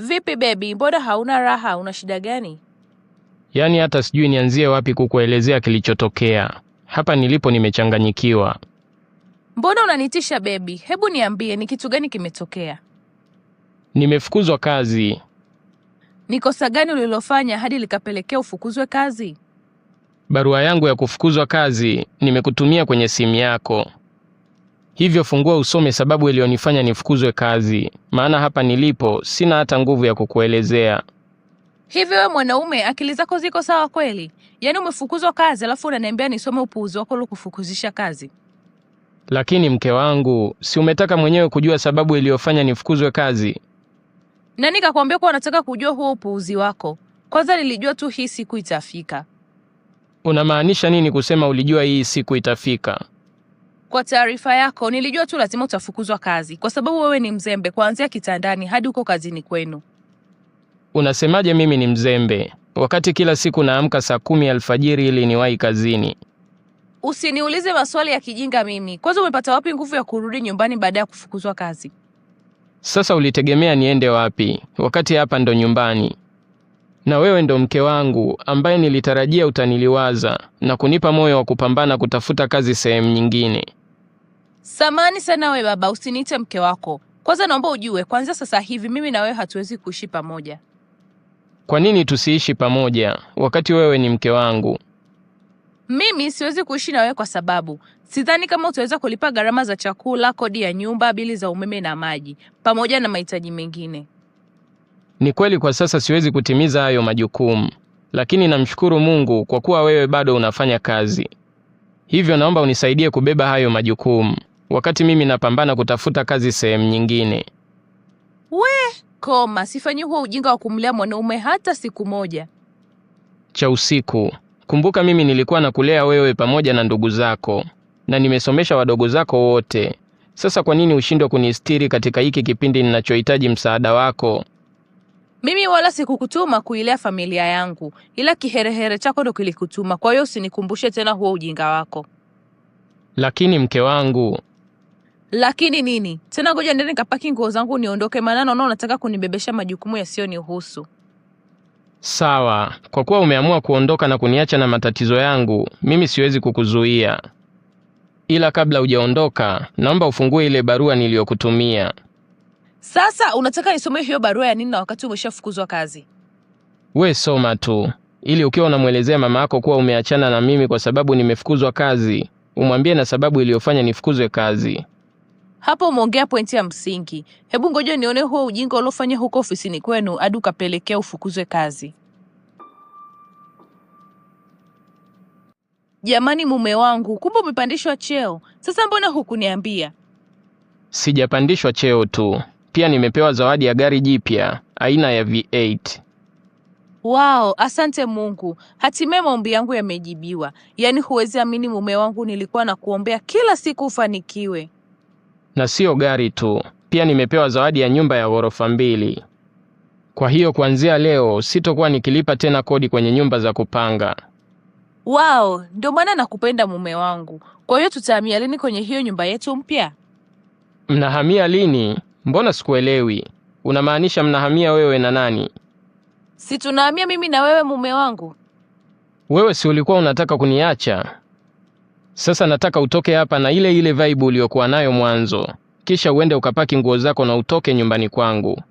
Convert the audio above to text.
Vipi bebi, mbona hauna raha? Una shida gani? Yaani hata sijui nianzie wapi kukuelezea kilichotokea hapa. Nilipo nimechanganyikiwa. Mbona unanitisha bebi? Hebu niambie, ni kitu gani kimetokea? Nimefukuzwa kazi. Ni kosa gani ulilofanya hadi likapelekea ufukuzwe kazi? Barua yangu ya kufukuzwa kazi nimekutumia kwenye simu yako. Hivyo fungua usome sababu iliyonifanya nifukuzwe kazi, maana hapa nilipo sina hata nguvu ya kukuelezea. Hivyo wewe mwanaume, akili zako ziko sawa kweli? Yaani umefukuzwa kazi alafu unaniambia nisome upuuzi wako ulikufukuzisha kazi? Lakini mke wangu, si umetaka mwenyewe kujua sababu iliyofanya nifukuzwe kazi? nani kakwambia kuwa unataka kujua huo upuuzi wako? Kwanza nilijua tu hii siku itafika. Unamaanisha nini kusema ulijua hii siku itafika? Kwa taarifa yako, nilijua tu lazima utafukuzwa kazi kwa sababu wewe ni mzembe kuanzia kitandani hadi huko kazini kwenu. Unasemaje mimi ni mzembe wakati kila siku naamka saa kumi alfajiri ili niwahi kazini? Usiniulize maswali ya kijinga mimi. Kwanza umepata wapi nguvu ya kurudi nyumbani baada ya kufukuzwa kazi? Sasa ulitegemea niende wapi wakati hapa ndo nyumbani na wewe ndo mke wangu ambaye nilitarajia utaniliwaza na kunipa moyo wa kupambana kutafuta kazi sehemu nyingine. Samani sana we baba, usiniite mke wako. Kwanza naomba ujue, kwanza sasa hivi mimi na wewe hatuwezi kuishi pamoja. Kwa nini tusiishi pamoja wakati wewe ni mke wangu? Mimi siwezi kuishi na wewe kwa sababu sidhani kama utaweza kulipa gharama za chakula, kodi ya nyumba, bili za umeme na maji, pamoja na mahitaji mengine. Ni kweli kwa sasa siwezi kutimiza hayo majukumu, lakini namshukuru Mungu kwa kuwa wewe bado unafanya kazi, hivyo naomba unisaidie kubeba hayo majukumu wakati mimi napambana kutafuta kazi sehemu nyingine. We koma, sifanyi huo ujinga wa kumlea mwanaume hata siku moja. cha usiku, kumbuka mimi nilikuwa nakulea wewe pamoja na ndugu zako na nimesomesha wadogo zako wote. Sasa kwa nini ushindwe kunistiri katika hiki kipindi ninachohitaji msaada wako? Mimi wala sikukutuma kuilea familia yangu, ila kiherehere chako ndo kilikutuma. Kwa hiyo usinikumbushe tena huo ujinga wako. Lakini mke wangu, lakini nini tena, ngoja ndeni kapaki nguo zangu niondoke, maana naona unataka kunibebesha majukumu yasiyonihusu. Sawa, kwa kuwa umeamua kuondoka na kuniacha na matatizo yangu, mimi siwezi kukuzuia, ila kabla hujaondoka, naomba ufungue ile barua niliyokutumia. Sasa unataka nisome hiyo barua ya nini, na wakati umeshafukuzwa kazi? We soma tu, ili ukiwa unamwelezea mama yako kuwa umeachana na mimi kwa sababu nimefukuzwa kazi, umwambie na sababu iliyofanya nifukuzwe kazi. Hapo umeongea pointi ya msingi. Hebu ngoja nione huo ujinga uliofanya huko ofisini kwenu hadi ukapelekea ufukuzwe kazi. Jamani, mume wangu, kumbe umepandishwa cheo sasa, mbona hukuniambia? Sijapandishwa cheo tu, pia nimepewa zawadi ya gari jipya aina ya V8. Wao, asante Mungu, hatimaye maombi yangu yamejibiwa. Yaani huwezi amini mume wangu, nilikuwa nakuombea kila siku ufanikiwe na siyo gari tu, pia nimepewa zawadi ya nyumba ya ghorofa mbili. Kwa hiyo kuanzia leo sitokuwa nikilipa tena kodi kwenye nyumba za kupanga. Wao, ndio maana nakupenda mume wangu. Kwa hiyo tutahamia lini kwenye hiyo nyumba yetu mpya? Mnahamia lini? Mbona sikuelewi. Unamaanisha mnahamia wewe na nani? Si tunahamia mimi na wewe mume wangu. Wewe si ulikuwa unataka kuniacha? Sasa nataka utoke hapa na ile ile vibe uliyokuwa nayo mwanzo, kisha uende ukapaki nguo zako na utoke nyumbani kwangu.